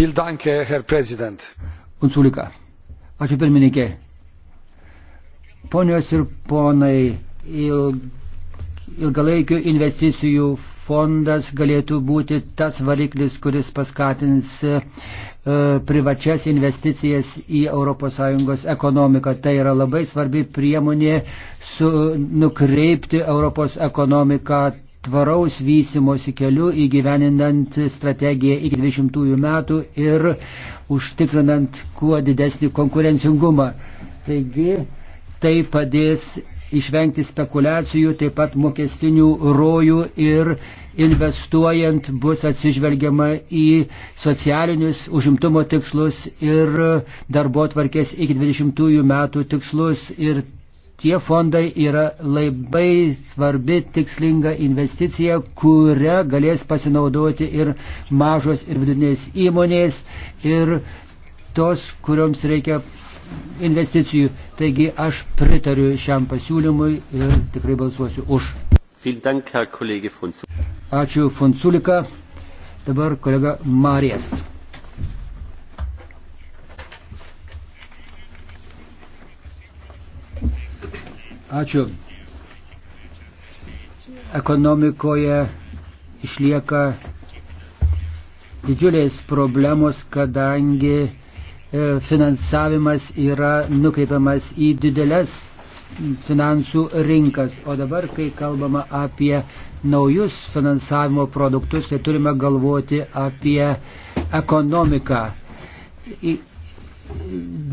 Un sulika. Ačiū pirmininkė. Ponios ir ponai, ilg, ilgalaikių investicijų fondas galėtų būti tas variklis, kuris paskatins e, privačias investicijas į ES ekonomiką. Tai yra labai svarbi priemonė su, nukreipti Europos ekonomiką tvaraus vystimosi keliu įgyveninant strategiją iki 20 metų ir užtikrinant kuo didesnį konkurencingumą. Taigi tai padės išvengti spekulacijų, taip pat mokestinių rojų ir investuojant bus atsižvelgiama į socialinius užimtumo tikslus ir darbo tvarkės iki 20 metų tikslus ir Tie fondai yra labai svarbi tikslinga investicija, kurią galės pasinaudoti ir mažos ir vidinės įmonės ir tos, kurioms reikia investicijų. Taigi aš pritariu šiam pasiūlymui ir tikrai balsuosiu už. Ačiū Fonsulika. Dabar kolega Marijas. Ačiū. Ekonomikoje išlieka didžiulės problemos, kadangi e, finansavimas yra nukreipiamas į didelės finansų rinkas. O dabar, kai kalbama apie naujus finansavimo produktus, tai turime galvoti apie ekonomiką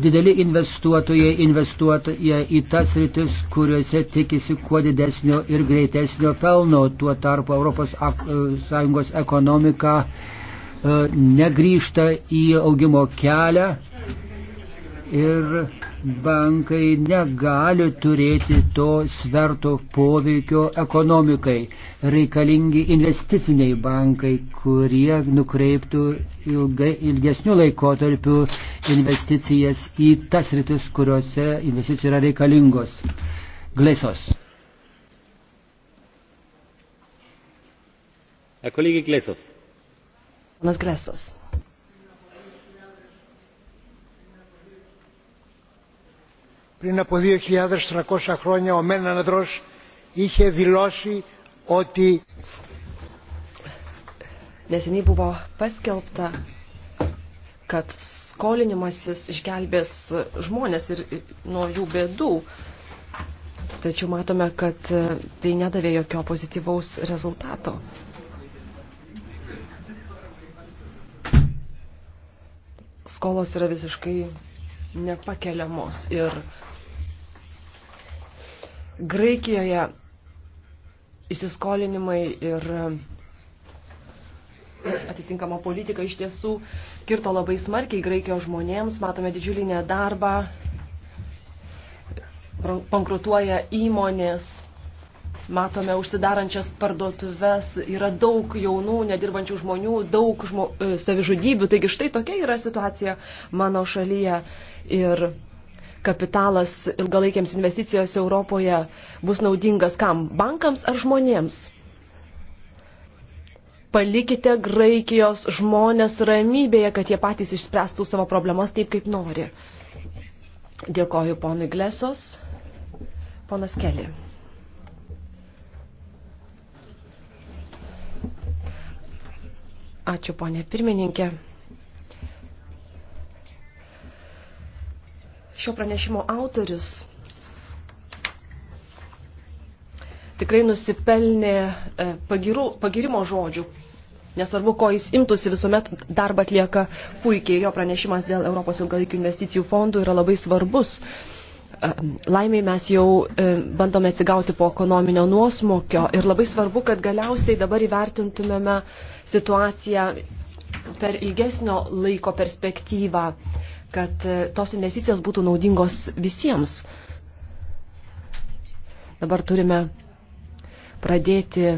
dideli investuotojai investuoja į tas rytis, kuriuose tikisi kuo didesnio ir greitesnio pelno. Tuo tarpu ES e, ekonomika e, negrįžta į augimo kelią ir bankai negali turėti to sverto poveikio ekonomikai. Reikalingi investiciniai bankai, kurie nukreiptų ilgai, ilgesnių laikotarpių investicijas į tas rytis, kuriuose investicijos yra reikalingos. Glesos. Kolegė Glesos. Panas Glesos. πριν από 2.300 χρόνια ο Μένα Ανδρός είχε δηλώσει ότι Neseniai buvo paskelbta, kad skolinimasis išgelbės žmonės ir nuo jų bėdų. Tačiau matome, kad e, tai nedavė jokio pozityvaus rezultato. Skolos yra visiškai nepakeliamos ir Graikijoje įsiskolinimai ir atitinkama politika iš tiesų kirto labai smarkiai Graikijos žmonėms. Matome didžiulį nedarbą, bankrutuoja įmonės, matome užsidarančias parduotuves, yra daug jaunų, nedirbančių žmonių, daug žmo, e, savižudybių. Taigi štai tokia yra situacija mano šalyje. Ir kapitalas ilgalaikiams investicijos Europoje bus naudingas kam? Bankams ar žmonėms? Palikite Graikijos žmonės ramybėje, kad jie patys išspręstų savo problemas taip, kaip nori. Dėkoju ponui Glesos. Ponas Keli. Ačiū, ponė pirmininkė. šio pranešimo autorius tikrai nusipelnė e, pagiru, pagirimo žodžių. Nesvarbu, ko jis imtųsi, visuomet darbą atlieka puikiai. Jo pranešimas dėl Europos ilgalaikių investicijų fondų yra labai svarbus. E, laimiai mes jau e, bandome atsigauti po ekonominio nuosmokio ir labai svarbu, kad galiausiai dabar įvertintumėme situaciją per ilgesnio laiko perspektyvą kad e, tos investicijos būtų naudingos visiems. Dabar turime pradėti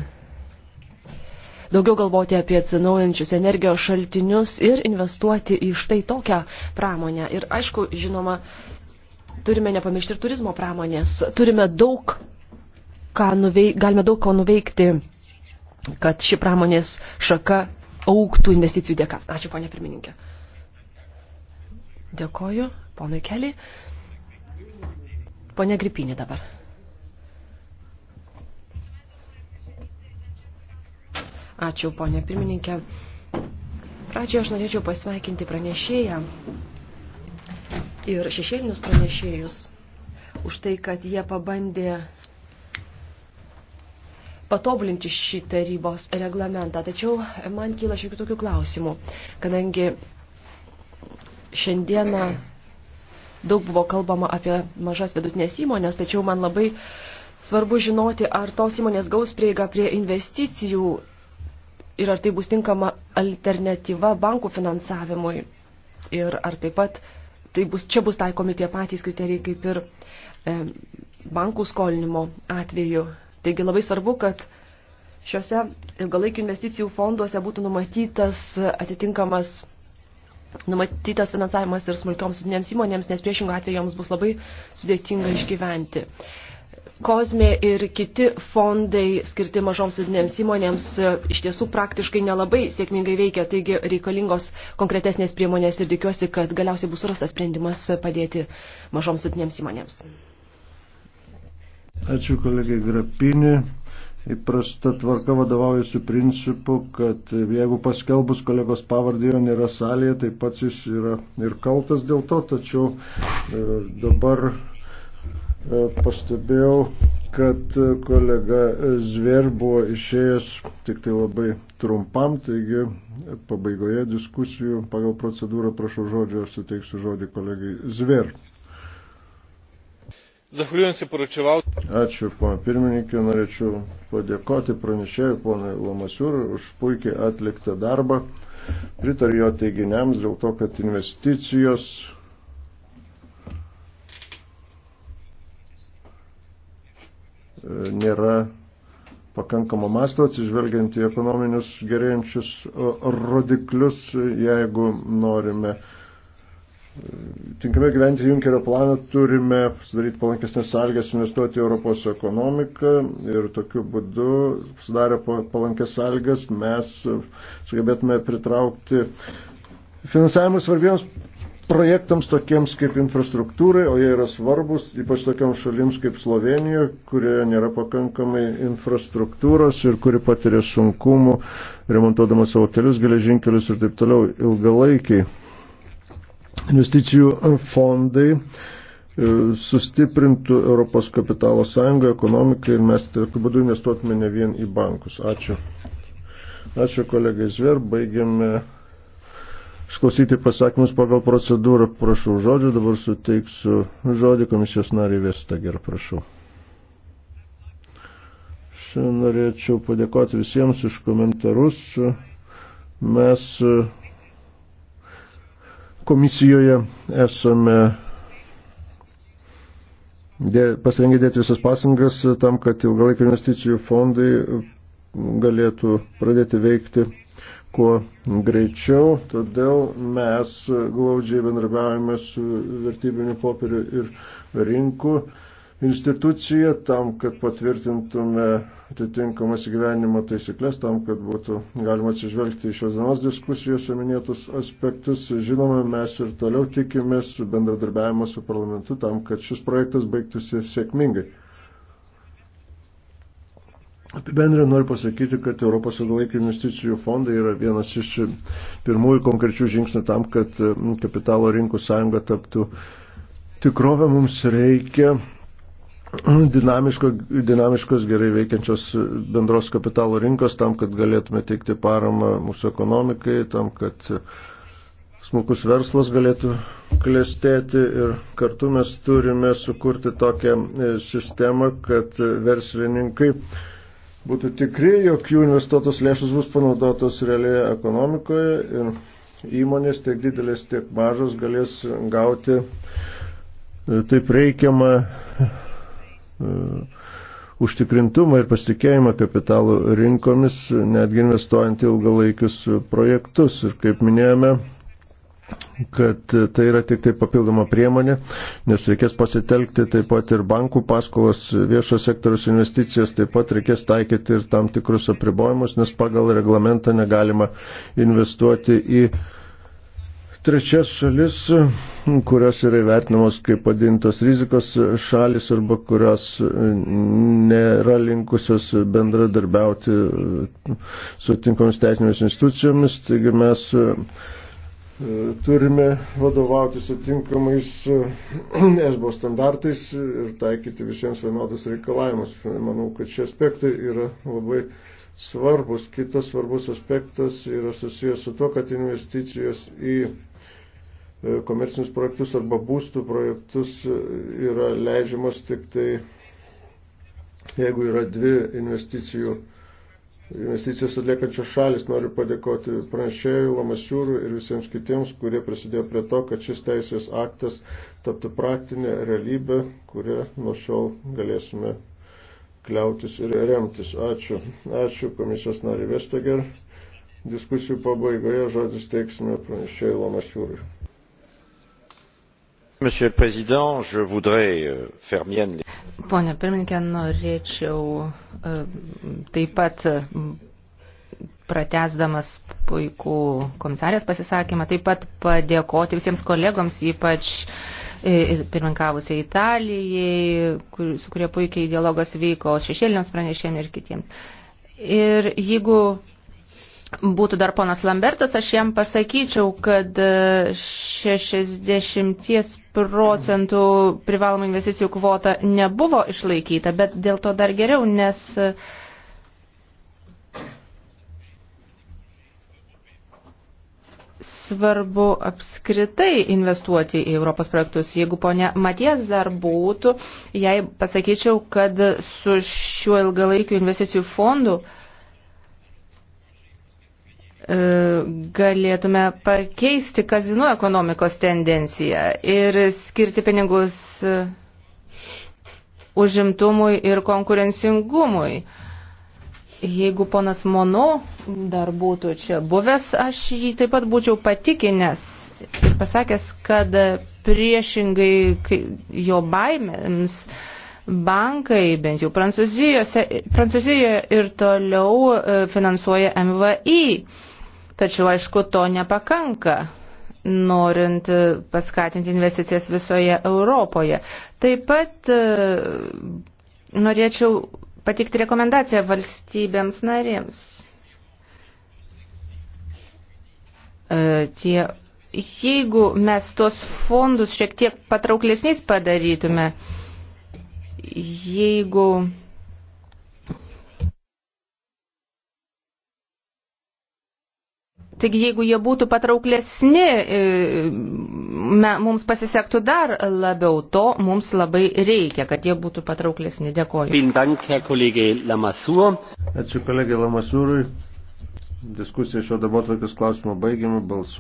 daugiau galvoti apie atsinaujančius energijos šaltinius ir investuoti į štai tokią pramonę. Ir aišku, žinoma, turime nepamiršti ir turizmo pramonės. Turime daug, ką nuveik, galime daug ko nuveikti, kad ši pramonės šaka auktų investicijų dėka. Ačiū, ponė pirmininkė. Dėkoju, ponui Keliai. Pone Gripinė dabar. Ačiū, ponė pirmininkė. Pradžioje aš norėčiau pasveikinti pranešėją ir šešėlinius pranešėjus už tai, kad jie pabandė patobulinti šį tarybos reglamentą. Tačiau man kyla šiek tiek tokių klausimų, kadangi Šiandieną daug buvo kalbama apie mažas vidutinės įmonės, tačiau man labai svarbu žinoti, ar tos įmonės gaus prieigą prie investicijų ir ar tai bus tinkama alternatyva bankų finansavimui. Ir ar taip pat tai bus, čia bus taikomi tie patys kriterijai kaip ir e, bankų skolinimo atveju. Taigi labai svarbu, kad šiuose ilgalaikių investicijų fonduose būtų numatytas atitinkamas numatytas finansavimas ir smulkioms didinėms įmonėms, nes priešingų atveju joms bus labai sudėtinga išgyventi. Kozmė ir kiti fondai skirti mažoms vidinėms įmonėms e, iš tiesų praktiškai nelabai sėkmingai veikia, taigi reikalingos konkretesnės priemonės ir tikiuosi, kad galiausiai bus rastas sprendimas padėti mažoms vidinėms įmonėms. Ačiū kolegai Grapinė įprasta tvarka vadovaujasi principu, kad jeigu paskelbus kolegos pavardį jo nėra salėje, tai pats jis yra ir kaltas dėl to, tačiau e, dabar e, pastebėjau, kad kolega Zver buvo išėjęs tik tai labai trumpam, taigi pabaigoje diskusijų pagal procedūrą prašau žodžio, aš suteiksiu žodį kolegai Zver. Ačiū, pana pirmininkė, norėčiau padėkoti pranešėjui, ponai Lamasiūrui, už puikiai atliktą darbą. Pritariu jo teiginiams dėl to, kad investicijos nėra pakankamo masto atsižvelgiant į ekonominius gerėjančius rodiklius, jeigu norime uh, tinkamiau gyventi Junkerio planą turime sudaryti palankesnės sąlygas investuoti į Europos ekonomiką ir tokiu būdu sudarę palankės sąlygas mes sugebėtume pritraukti finansavimą svarbiems projektams tokiems kaip infrastruktūrai, o jie yra svarbus, ypač tokiams šalims kaip Slovenija, kurioje nėra pakankamai infrastruktūros ir kuri patiria sunkumų remontuodama savo kelius, geležinkelius ir taip toliau ilgalaikiai investicijų fondai e, sustiprintų Europos kapitalo sąjungą, ekonomiką ir mes tokiu būdu investuotume ne vien į bankus. Ačiū. Ačiū kolegai Zver, baigiame išklausyti pasakymus pagal procedūrą. Prašau žodžių, dabar suteiksiu žodį komisijos nariai Vestager, prašau. Šiandien norėčiau padėkoti visiems už komentarus. Mes komisijoje esame pasirengę dėti visas pasangas tam, kad ilgalaikio investicijų fondai galėtų pradėti veikti kuo greičiau. Todėl mes glaudžiai bendrabiavame su vertybiniu popieriu ir rinku instituciją tam, kad patvirtintume atitinkamas gyvenimo taisyklės, tam, kad būtų galima atsižvelgti į šios dienos diskusijose minėtus aspektus. Žinoma, mes ir toliau tikimės bendradarbiavimo su parlamentu tam, kad šis projektas baigtųsi sėkmingai. Apibendrinant noriu pasakyti, kad Europos ilgalaikių investicijų fondai yra vienas iš pirmųjų konkrečių žingsnių tam, kad kapitalo rinkų sąjunga taptų tikrovę. Mums reikia dinamiško, dinamiškos, gerai veikiančios bendros kapitalo rinkos tam, kad galėtume teikti paramą mūsų ekonomikai, tam, kad smulkus verslas galėtų klestėti ir kartu mes turime sukurti tokią sistemą, kad verslininkai būtų tikri, jog jų investuotos lėšos bus panaudotos realioje ekonomikoje ir įmonės tiek didelės, tiek mažos galės gauti taip reikiamą E, užtikrintumą ir pasitikėjimą kapitalų rinkomis, netgi investuojant ilgalaikius projektus. Ir kaip minėjome, kad tai yra tik tai papildoma priemonė, nes reikės pasitelkti taip pat ir bankų paskolas, viešo sektoriaus investicijas, taip pat reikės taikyti ir tam tikrus apribojimus, nes pagal reglamentą negalima investuoti į trečias šalis, kurios yra įvertinamos kaip padintos rizikos šalis arba kurios nėra linkusios bendradarbiauti su tinkomis teisinėmis institucijomis. Taigi mes e, turime vadovautis atinkamais e, esbo standartais ir taikyti visiems vienodus reikalavimus. Manau, kad šie aspektai yra labai svarbus. Kitas svarbus aspektas yra susijęs su to, kad investicijos į E, komercinius projektus arba būstų projektus e, yra leidžiamas tik tai, jeigu yra dvi investicijų, investicijas atliekančios šalis. Noriu padėkoti pranešėjui, Lamasiūrui ir visiems kitiems, kurie prisidėjo prie to, kad šis teisės aktas taptų praktinė realybė, kurią nuo šiol galėsime kliautis ir remtis. Ačiū. Ačiū komisijos nariai Vestager. Diskusijų pabaigoje žodis teiksime pranešėjai Lamasiūrui. Monsieur le Président, je voudrais euh, faire mienne. Pone pirmininkė, norėčiau e, taip pat e, pratesdamas puikų komisarės pasisakymą, taip pat padėkoti visiems kolegoms, ypač e, pirmininkavusiai Italijai, kur, su kurie puikiai dialogas vyko, šešėliniams pranešėm ir kitiems. Ir jeigu būtų dar ponas Lambertas, aš jam pasakyčiau, kad 60 e, procentų privalomų investicijų kvota nebuvo išlaikyta, bet dėl to dar geriau, nes e, svarbu apskritai investuoti į Europos projektus. Jeigu ponia Maties dar būtų, jai pasakyčiau, kad su šiuo ilgalaikiu investicijų fondu uh, E, galėtume pakeisti kazino ekonomikos tendenciją ir skirti pinigus e, užimtumui ir konkurencingumui. Jeigu ponas Mono dar būtų čia buvęs, aš jį taip pat būčiau patikinęs ir pasakęs, kad priešingai jo baimėms bankai, bent jau Prancūzijoje ir toliau e, finansuoja MVI. Tačiau, aišku, to nepakanka, norint e, paskatinti investicijas visoje Europoje. Taip pat e, norėčiau patikti rekomendaciją valstybėms narėms. Tie, jeigu mes tuos fondus šiek tiek patrauklesniais padarytume, jeigu Taigi, jeigu jie būtų patrauklesni, e, mums pasisektų dar labiau. To mums labai reikia, kad jie būtų patrauklesni. Dėkoju. Ačiū kolegai Lamasūrui. Diskusiją šio darbotvarkės klausimo baigėme. Balsuo.